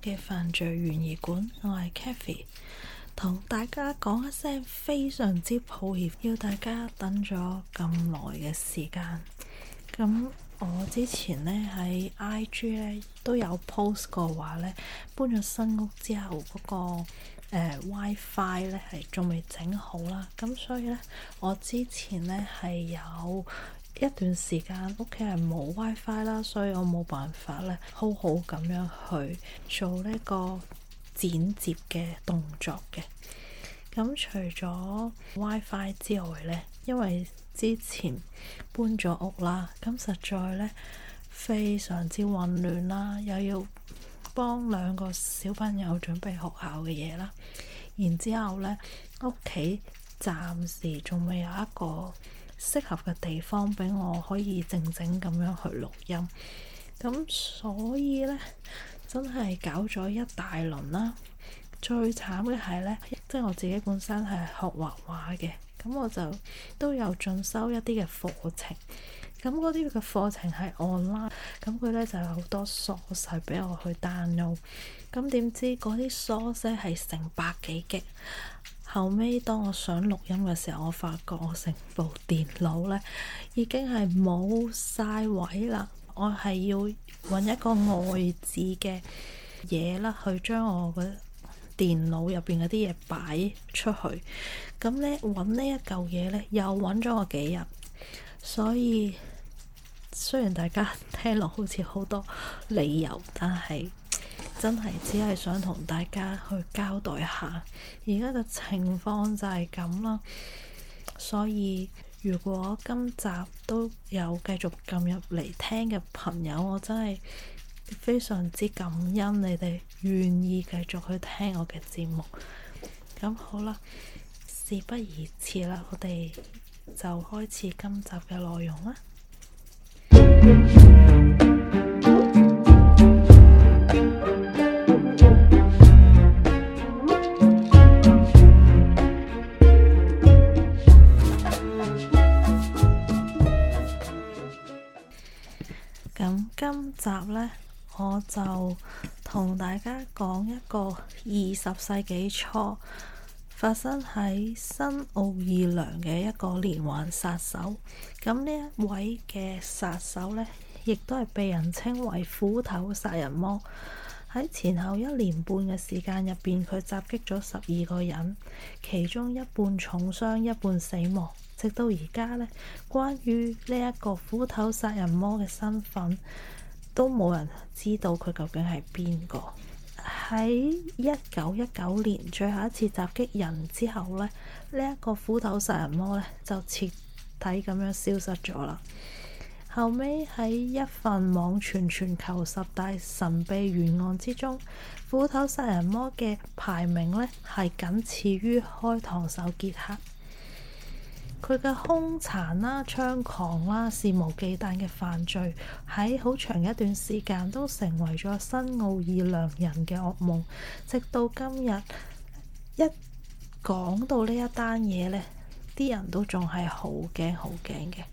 嘅犯罪懸疑館，我係 Kathy，同大家講一聲非常之抱歉，要大家等咗咁耐嘅時間。咁我之前咧喺 I G 咧都有 post 過話咧搬咗新屋之後嗰個誒 WiFi 咧係仲未整好啦。咁所以咧我之前咧係有。一段時間屋企係冇 WiFi 啦，Fi, 所以我冇辦法咧好好咁樣去做呢個剪接嘅動作嘅。咁除咗 WiFi 之外呢，因為之前搬咗屋啦，咁實在呢，非常之混亂啦，又要幫兩個小朋友準備學校嘅嘢啦，然之後呢，屋企暫時仲未有一個適合嘅地方俾我可以靜靜咁樣去錄音，咁所以呢，真係搞咗一大輪啦。最慘嘅係呢，即係我自己本身係學畫畫嘅，咁我就都有進修一啲嘅課程，咁嗰啲嘅課程係 online，咁佢呢就有好多素材俾我去 download，咁點知嗰啲素材係成百幾 G。後尾當我想錄音嘅時候，我發覺我成部電腦咧已經係冇晒位啦，我係要揾一個外置嘅嘢啦，去將我嘅電腦入邊嗰啲嘢擺出去。咁呢，揾呢一嚿嘢呢，又揾咗我幾日，所以雖然大家聽落好似好多理由，但係真係只係想同大家去交代下，而家嘅情況就係咁啦。所以如果今集都有繼續撳入嚟聽嘅朋友，我真係非常之感恩你哋願意繼續去聽我嘅節目。咁好啦，事不宜遲啦，我哋就開始今集嘅內容啦。 今集呢，我就同大家講一個二十世紀初發生喺新奧爾良嘅一個連環殺手。咁呢一位嘅殺手呢，亦都係被人稱為斧頭殺人魔。喺前後一年半嘅時間入邊，佢襲擊咗十二個人，其中一半重傷，一半死亡。直到而家呢，關於呢一個斧頭殺人魔嘅身份，都冇人知道佢究竟係邊個。喺一九一九年最後一次襲擊人之後呢，呢一個斧頭殺人魔呢，就徹底咁樣消失咗啦。後尾喺一份網傳全球十大神秘懸案之中，斧頭殺人魔嘅排名呢，係僅次於開膛手傑克。佢嘅兇殘啦、猖狂啦、肆無忌憚嘅犯罪，喺好長一段時間都成為咗新奧爾良人嘅噩夢。直到今日，一講到呢一單嘢呢，啲人都仲係好驚好驚嘅。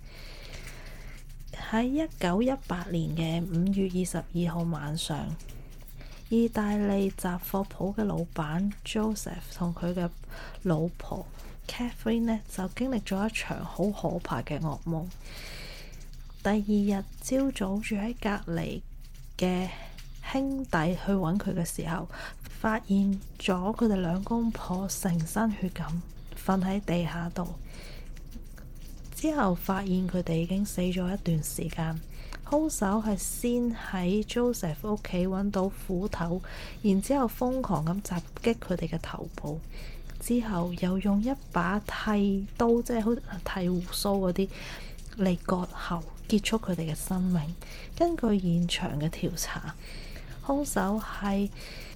喺一九一八年嘅五月二十二號晚上，意大利雜貨鋪嘅老闆 Joseph 同佢嘅老婆，Katherine 呢，就經歷咗一場好可怕嘅噩夢。第二日朝早住喺隔離嘅兄弟去揾佢嘅時候，發現咗佢哋兩公婆成身血咁瞓喺地下度。之後發現佢哋已經死咗一段時間。兇手係先喺 Joseph 屋企揾到斧頭，然之後瘋狂咁襲擊佢哋嘅頭部。之後又用一把剃刀，即係好似剃鬚嗰啲嚟割喉，結束佢哋嘅生命。根據現場嘅調查，兇手係、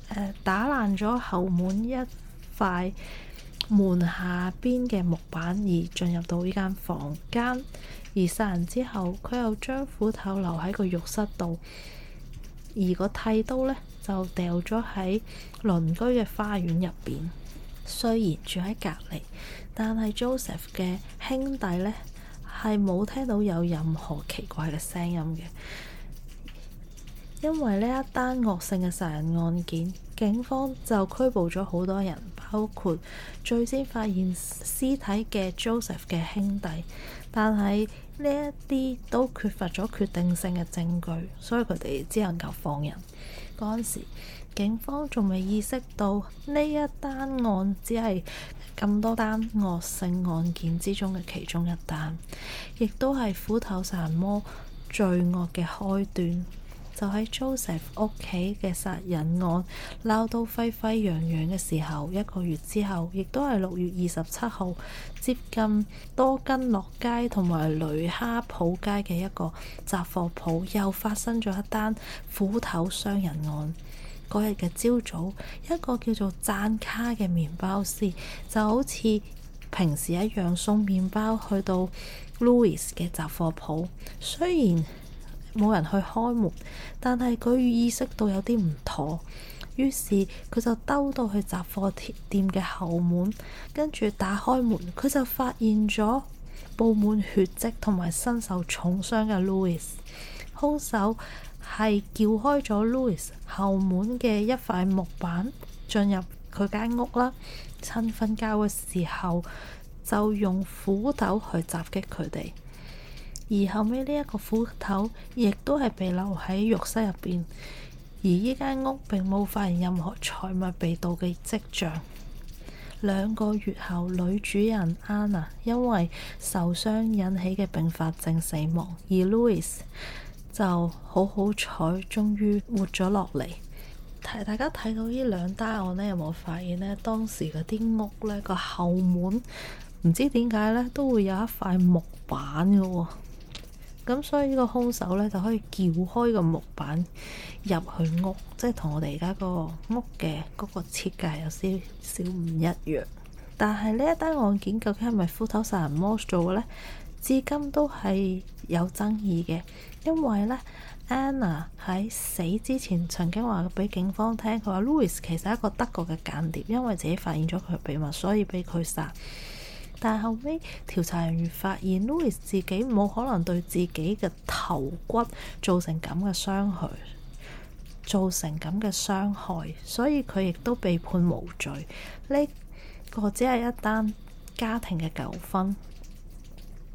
呃、打爛咗後門一塊門下邊嘅木板而進入到呢間房間。而殺人之後，佢又將斧頭留喺個浴室度，而個剃刀呢，就掉咗喺鄰居嘅花園入邊。雖然住喺隔離，但係 Joseph 嘅兄弟呢，係冇聽到有任何奇怪嘅聲音嘅。因為呢一單惡性嘅殺人案件，警方就拘捕咗好多人，包括最先發現屍體嘅 Joseph 嘅兄弟。但係呢一啲都缺乏咗決定性嘅證據，所以佢哋只能夠放人。嗰陣時，警方仲未意識到呢一單案，只係咁多單惡性案件之中嘅其中一單，亦都係斧頭殺人魔罪惡嘅開端。就喺 Joseph 屋企嘅殺人案鬧到沸沸揚揚嘅時候，一個月之後，亦都係六月二十七號，接近多根諾街同埋雷哈普街嘅一個雜貨鋪，又發生咗一單斧頭傷人案。嗰日嘅朝早，一個叫做贊卡嘅麵包師，就好似平時一樣送麵包去到 Louis 嘅雜貨鋪。雖然冇人去開門，但係佢意識到有啲唔妥，於是佢就兜到去雜貨店嘅後門，跟住打開門，佢就發現咗布滿血跡同埋身受重傷嘅 Louis。兇手係撬開咗 Louis 後門嘅一塊木板，進入佢間屋啦。趁瞓覺嘅時候，就用斧頭去襲擊佢哋。而後尾呢一個斧頭，亦都係被留喺浴室入邊。而呢間屋並冇發現任何財物被盜嘅跡象。兩個月後，女主人 Anna 因為受傷引起嘅併發症死亡，而 Louis。就好好彩，終於活咗落嚟。提大家睇到呢兩單案呢，有冇發現呢？當時嗰啲屋呢個後門唔知點解呢都會有一塊木板嘅喎，咁所以呢個兇手呢，就可以撬開個木板入去屋，即係同我哋而家個屋嘅嗰個設計有少少唔一樣。但係呢一單案件究竟係咪斧頭殺人魔做嘅呢？至今都係有爭議嘅。因為咧，Anna 喺死之前曾經話俾警方聽，佢話 Louis 其實係一個德國嘅間諜，因為自己發現咗佢嘅秘密，所以俾佢殺。但後尾調查人員發現 Louis 自己冇可能對自己嘅頭骨造成咁嘅傷害，造成咁嘅傷害，所以佢亦都被判無罪。呢、呢個只係一單家庭嘅糾紛。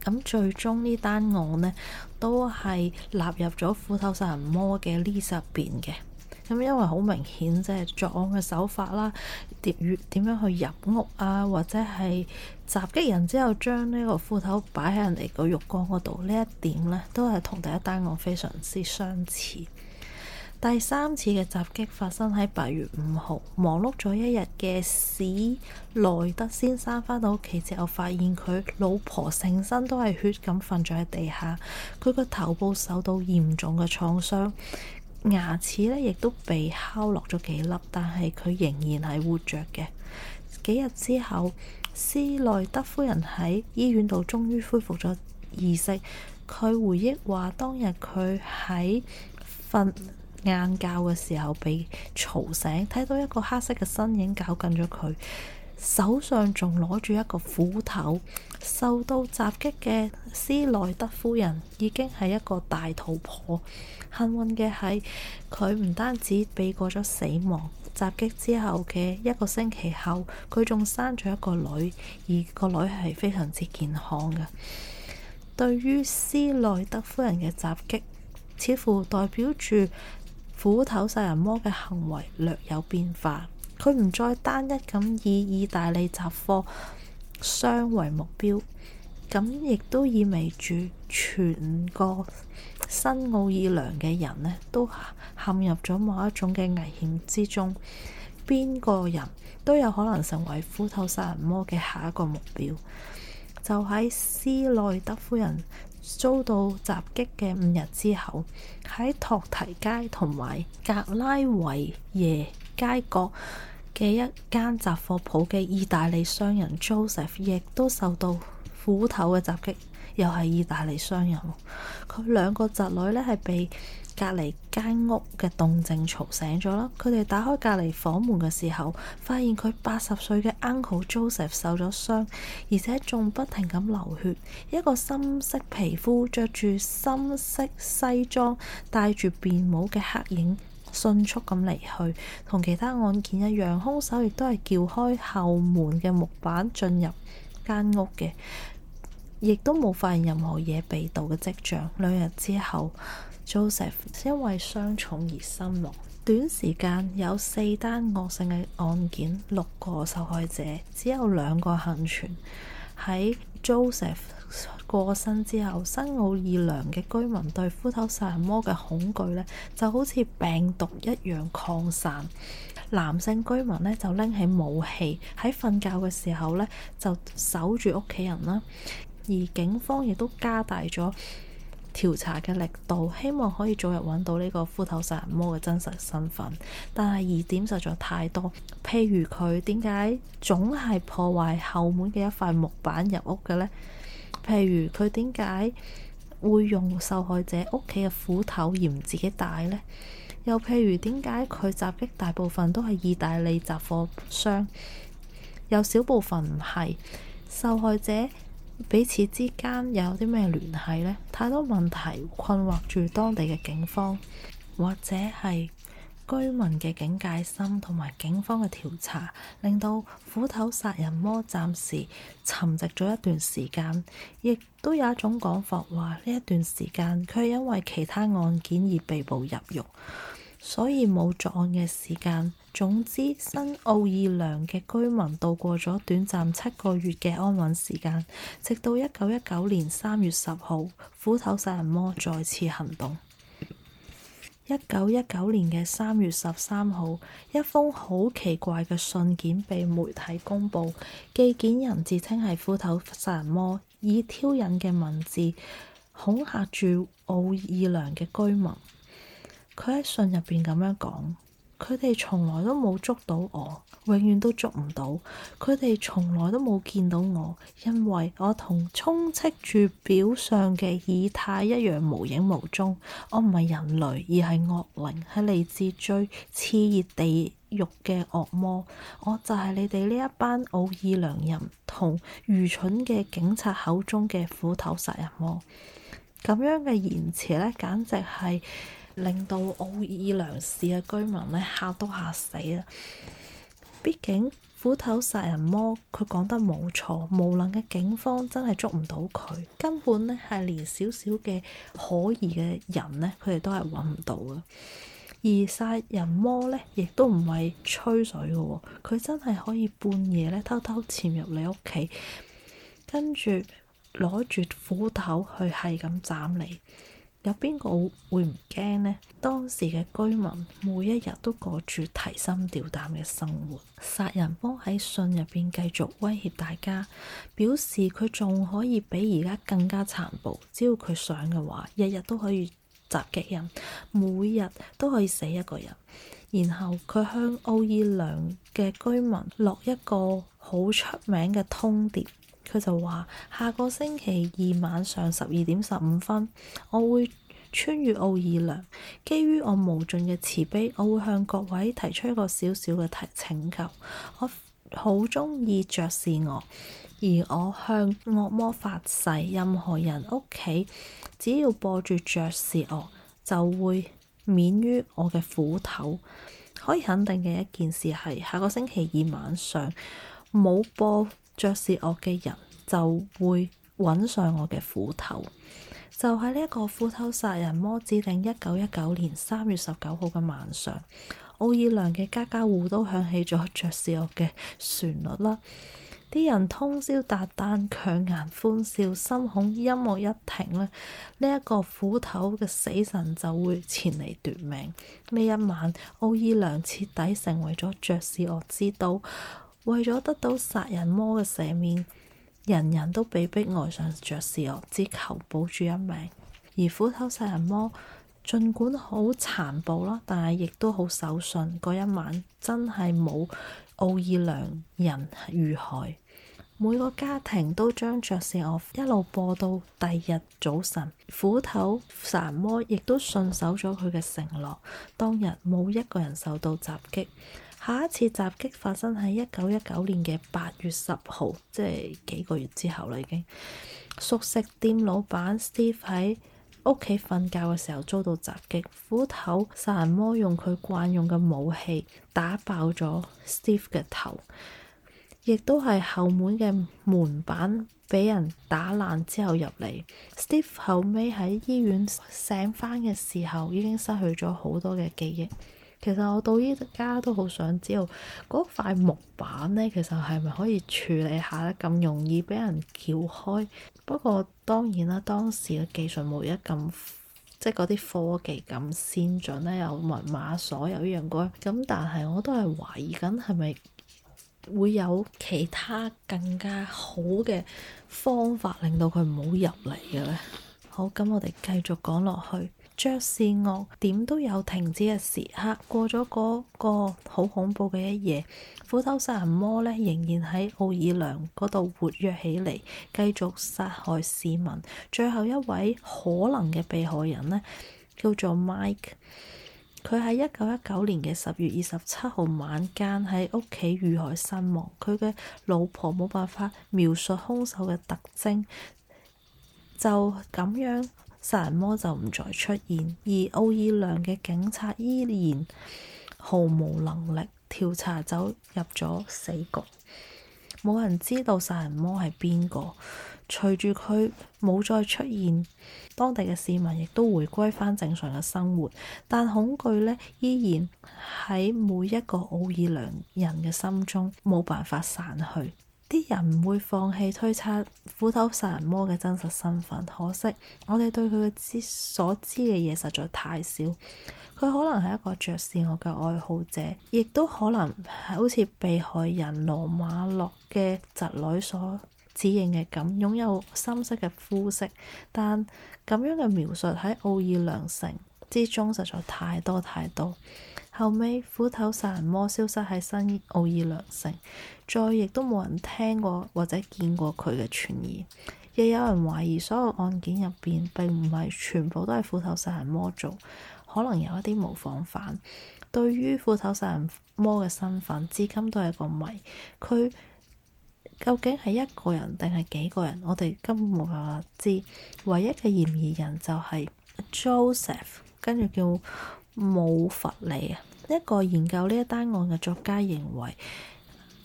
咁最終呢單案呢，都係納入咗《斧頭殺人魔》嘅 list 入面嘅，咁因為好明顯即係作案嘅手法啦，點樣去入屋啊，或者係襲擊人之後將呢個斧頭擺喺人哋個浴缸嗰度，呢一點呢，都係同第一單案非常之相似。第三次嘅襲擊發生喺八月五號。忙碌咗一日嘅史萊德先生翻到屋企之後，發現佢老婆成身都係血咁瞓咗喺地下。佢個頭部受到嚴重嘅創傷，牙齒呢亦都被敲落咗幾粒，但係佢仍然係活着嘅。幾日之後，斯萊德夫人喺醫院度終於恢復咗意識。佢回憶話：當日佢喺瞓晏覺嘅時候被嘈醒，睇到一個黑色嘅身影搞緊咗佢，手上仲攞住一個斧頭。受到襲擊嘅斯內德夫人已經係一個大肚婆。幸運嘅係佢唔單止避過咗死亡襲擊之後嘅一個星期後，佢仲生咗一個女，而個女係非常之健康嘅。對於斯內德夫人嘅襲擊，似乎代表住。斧頭殺人魔嘅行為略有變化，佢唔再單一咁以意大利雜貨商為目標，咁亦都意味住全個新奧爾良嘅人呢都陷入咗某一種嘅危險之中，邊個人都有可能成為斧頭殺人魔嘅下一個目標，就喺斯內德夫人，遭到襲擊嘅五日之後，喺托提街同埋格拉維耶街角嘅一間雜貨鋪嘅意大利商人 Joseph 亦都受到斧頭嘅襲擊，又係意大利商人。佢兩個侄女呢係被隔籬間屋嘅動靜吵醒咗啦，佢哋打開隔籬房門嘅時候，發現佢八十歲嘅 uncle Joseph 受咗傷，而且仲不停咁流血。一個深色皮膚、着住深色西裝、戴住便帽嘅黑影，迅速咁離去。同其他案件一樣，兇手亦都係撬開後門嘅木板進入間屋嘅。亦都冇發現任何嘢被盜嘅跡象。兩日之後，Joseph 因為傷重而身亡。短時間有四單惡性嘅案件，六個受害者，只有兩個幸存。喺 Joseph 過身之後，新奧爾良嘅居民對斧頭殺人魔嘅恐懼呢就好似病毒一樣擴散。男性居民呢就拎起武器喺瞓覺嘅時候呢就守住屋企人啦。而警方亦都加大咗調查嘅力度，希望可以早日揾到呢個斧頭殺人魔嘅真實身份。但係疑點實在太多，譬如佢點解總係破壞後門嘅一塊木板入屋嘅呢？譬如佢點解會用受害者屋企嘅斧頭而唔自己帶呢？又譬如點解佢襲擊大部分都係意大利雜貨商，有少部分唔係受害者。彼此之間有啲咩聯繫呢？太多問題困惑住當地嘅警方，或者係居民嘅警戒心同埋警方嘅調查，令到斧頭殺人魔暫時沉寂咗一段時間。亦都有一種講法話，呢一段時間佢係因為其他案件而被捕入獄，所以冇作案嘅時間。總之，新奧爾良嘅居民度過咗短暫七個月嘅安穩時間，直到一九一九年三月十號，斧頭殺人魔再次行動。一九一九年嘅三月十三號，一封好奇怪嘅信件被媒體公布，寄件人自稱係斧頭殺人魔，以挑釁嘅文字恐嚇住奧爾良嘅居民。佢喺信入邊咁樣講。佢哋從來都冇捉到我，永遠都捉唔到。佢哋從來都冇見到我，因為我同充斥住表上嘅以太一樣無影無蹤。我唔係人類，而係惡靈，係嚟自最熾熱地獄嘅惡魔。我就係你哋呢一班奧爾良人同愚蠢嘅警察口中嘅斧頭殺人魔。咁樣嘅言辭呢，簡直係～令到奧爾良市嘅居民呢，嚇都嚇死啦！畢竟斧頭殺人魔佢講得冇錯，無能嘅警方真係捉唔到佢，根本呢係連少少嘅可疑嘅人呢，佢哋都係揾唔到嘅。而殺人魔呢，亦都唔係吹水嘅喎，佢真係可以半夜呢偷偷潛入你屋企，跟住攞住斧頭去係咁斬你。有邊個會唔驚呢？當時嘅居民每一日都過住提心吊膽嘅生活。殺人幫喺信入邊繼續威脅大家，表示佢仲可以比而家更加殘暴，只要佢想嘅話，日日都可以襲擊人，每日都可以死一個人。然後佢向奧爾良嘅居民落一個好出名嘅通牒。佢就話：下個星期二晚上十二點十五分，我會穿越奧爾良。基於我無盡嘅慈悲，我會向各位提出一個小小嘅提請求。我好鍾意爵士樂，而我向惡魔發誓，任何人屋企只要播住爵士樂，就會免於我嘅斧頭。可以肯定嘅一件事係，下個星期二晚上冇播爵士樂嘅人就會揾上我嘅斧頭。就喺呢一個斧頭殺人魔指定一九一九年三月十九號嘅晚上，奧爾良嘅家家戶都響起咗爵士樂嘅旋律啦。啲人通宵達旦，強顏歡笑，心恐音樂一停咧，呢一個斧頭嘅死神就會前嚟奪命。呢一晚，奧爾良徹底成為咗爵士樂之都。為咗得到殺人魔嘅赦免，人人都被迫愛上爵士樂，只求保住一命。而斧頭殺人魔儘管好殘暴啦，但係亦都好守信。嗰一晚真係冇奧爾良人遇害，每個家庭都將爵士樂一路播到第日早晨。斧頭殺人魔亦都信守咗佢嘅承諾，當日冇一個人受到襲擊。下一次襲擊發生喺一九一九年嘅八月十號，即係幾個月之後啦，已經熟食店老闆 Steve 喺屋企瞓覺嘅時候遭到襲擊，斧頭殺人魔用佢慣用嘅武器打爆咗 Steve 嘅頭，亦都係後門嘅門板俾人打爛之後入嚟。 Steve 後尾喺醫院醒返嘅時候已經失去咗好多嘅記憶。其實我到依家都好想知道嗰塊木板呢，其實係咪可以處理下咧？咁容易俾人撬開。不過當然啦，當時嘅技術冇一咁，即係嗰啲科技咁先進咧，有密碼鎖，有呢樣嗰樣。咁但係我都係懷疑緊係咪會有其他更加好嘅方法令到佢唔好入嚟嘅呢？好，咁我哋繼續講落去。爵士樂點都有停止嘅時刻。過咗嗰個好恐怖嘅一夜，斧頭殺人魔呢，仍然喺奧爾良嗰度活躍起嚟，繼續殺害市民。最後一位可能嘅被害人呢，叫做 Mike。佢喺一九一九年嘅十月二十七號晚間喺屋企遇害身亡。佢嘅老婆冇辦法描述兇手嘅特徵。就咁樣，殺人魔就唔再出現，而奧爾良嘅警察依然毫無能力調查，走入咗死局，冇人知道殺人魔係邊個。隨住佢冇再出現，當地嘅市民亦都回歸返正常嘅生活，但恐懼呢依然喺每一個奧爾良人嘅心中冇辦法散去。啲人唔會放棄推測斧頭殺人魔嘅真實身份，可惜我哋對佢嘅知所知嘅嘢實在太少。佢可能係一個爵士樂嘅愛好者，亦都可能係好似被害人羅馬諾嘅侄女所指認嘅咁，擁有深色嘅膚色。但咁樣嘅描述喺奧爾良城之中實在太多太多。後尾斧頭殺人魔消失喺新奧爾良城，再亦都冇人聽過或者見過佢嘅傳言。亦有人懷疑所有案件入邊，並唔係全部都係斧頭殺人魔做，可能有一啲模仿犯。對於斧頭殺人魔嘅身份，至今都係個謎。佢究竟係一個人定係幾個人？我哋根本冇辦法知。唯一嘅嫌疑人就係 Joseph，跟住叫。冇佛理啊！一個研究呢一單案嘅作家認為，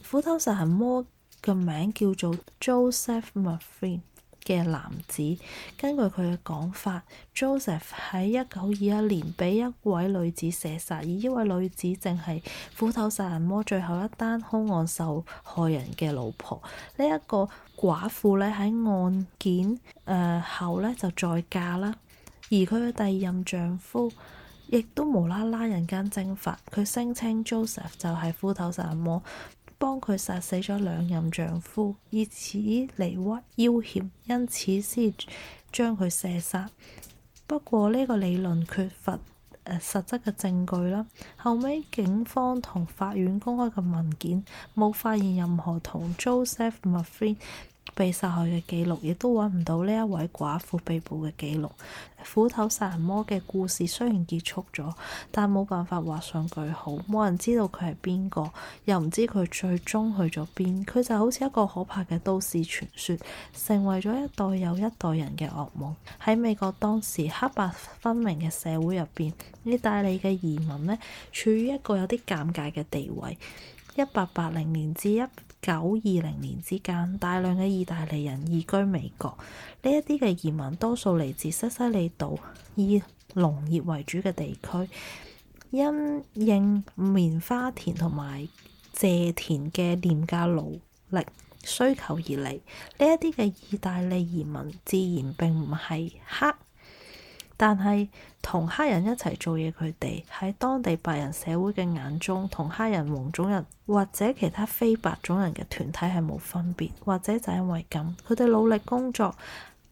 斧 頭殺人魔個名叫做 Joseph Murphy 嘅男子。根據佢嘅講法，Joseph 喺一九二一年俾一位女子射殺，而呢位女子正係斧頭殺人魔最後一單兇案受害人嘅老婆。呢、這、一個寡婦咧喺案件誒後咧就再嫁啦，而佢嘅第二任丈夫。亦都無啦啦，人間蒸發。佢聲稱 Joseph 就係斧頭殺人魔，幫佢殺死咗兩任丈夫，以此嚟屈要脅，因此先將佢射殺。不過呢個理論缺乏誒實質嘅證據啦。後尾警方同法院公開嘅文件冇發現任何同 Joseph Murphy 被殺害嘅記錄，亦都揾唔到呢一位寡婦被捕嘅記錄。斧頭殺人魔嘅故事雖然結束咗，但冇辦法畫上句號。冇人知道佢係邊個，又唔知佢最終去咗邊。佢就好似一個可怕嘅都市傳說，成為咗一代又一代人嘅噩夢。喺美國當時黑白分明嘅社會入邊，意大利嘅移民呢，處於一個有啲尷尬嘅地位。一八八零年至一。九二零年之間，大量嘅意大利人移居美國。呢一啲嘅移民多數嚟自西西里島，以農業為主嘅地區，因應棉花田同埋蔗田嘅廉價勞力需求而嚟。呢一啲嘅意大利移民自然並唔係黑。但係同黑人一齊做嘢，佢哋喺當地白人社會嘅眼中，同黑人黃種人或者其他非白種人嘅團體係冇分別，或者就因為咁，佢哋努力工作，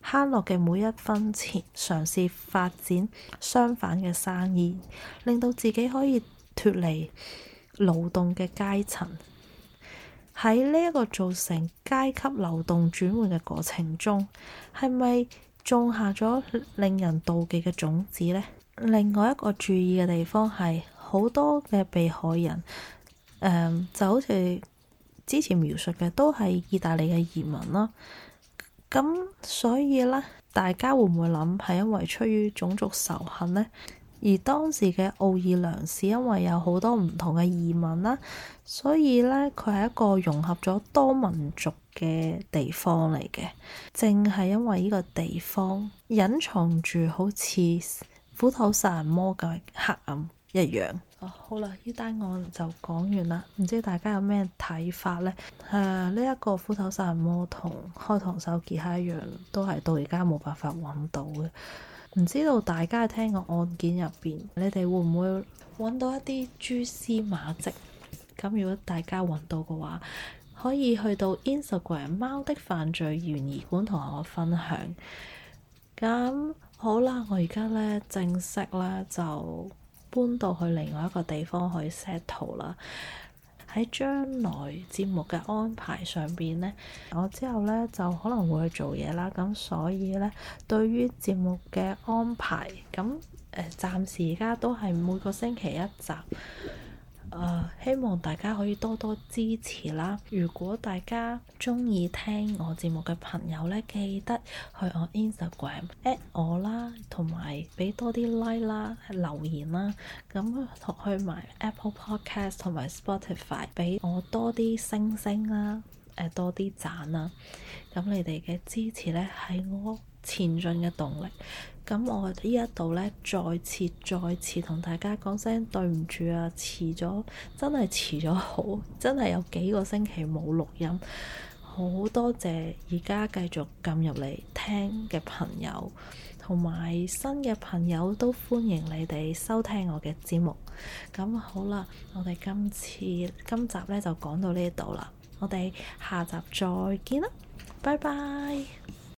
慳落嘅每一分錢，嘗試發展相反嘅生意，令到自己可以脱離勞動嘅階層。喺呢一個造成階級流動轉換嘅過程中，係咪？種下咗令人妒忌嘅種子呢，另外一個注意嘅地方係，好多嘅被害人，嗯，就好似之前描述嘅，都係意大利嘅移民啦。咁，嗯，所以呢，大家會唔會諗，係因為出於種族仇恨呢？而當時嘅奧爾良市，因為有好多唔同嘅移民啦，所以呢，佢係一個融合咗多民族嘅地方嚟嘅。正係因為呢個地方隱藏住好似《斧頭殺人魔》嘅黑暗一樣。啊、好啦，呢單案就講完啦，唔知大家有咩睇法呢？誒、啊，呢、這、一個《斧頭殺人魔》同《開膛手傑克》一樣，都係到而家冇辦法揾到嘅。唔知道大家聽個案件入邊，你哋會唔會揾到一啲蛛絲馬跡？咁如果大家揾到嘅話，可以去到 Instagram《貓的犯罪懸疑館》同我分享。咁好啦，我而家呢正式呢就搬到去另外一個地方去 settle 啦。喺將來節目嘅安排上邊呢，我之後呢就可能會去做嘢啦，咁所以呢，對於節目嘅安排，咁誒暫時而家都係每個星期一集。Uh, 希望大家可以多多支持啦！如果大家中意聽我節目嘅朋友呢，記得去我 Instagram at 我啦，同埋俾多啲 like 啦、留言啦，咁去埋 Apple Podcast 同埋 Spotify 俾我多啲星星啦、啊、誒、呃、多啲讚啦，咁你哋嘅支持呢，係我前進嘅動力，咁我呢一度呢，再次再次同大家講聲對唔住啊，遲咗，真係遲咗好，真係有幾個星期冇錄音。好多謝而家繼續撳入嚟聽嘅朋友，同埋新嘅朋友都歡迎你哋收聽我嘅節目。咁好啦，我哋今次今集呢就講到呢度啦，我哋下集再見啦，拜拜。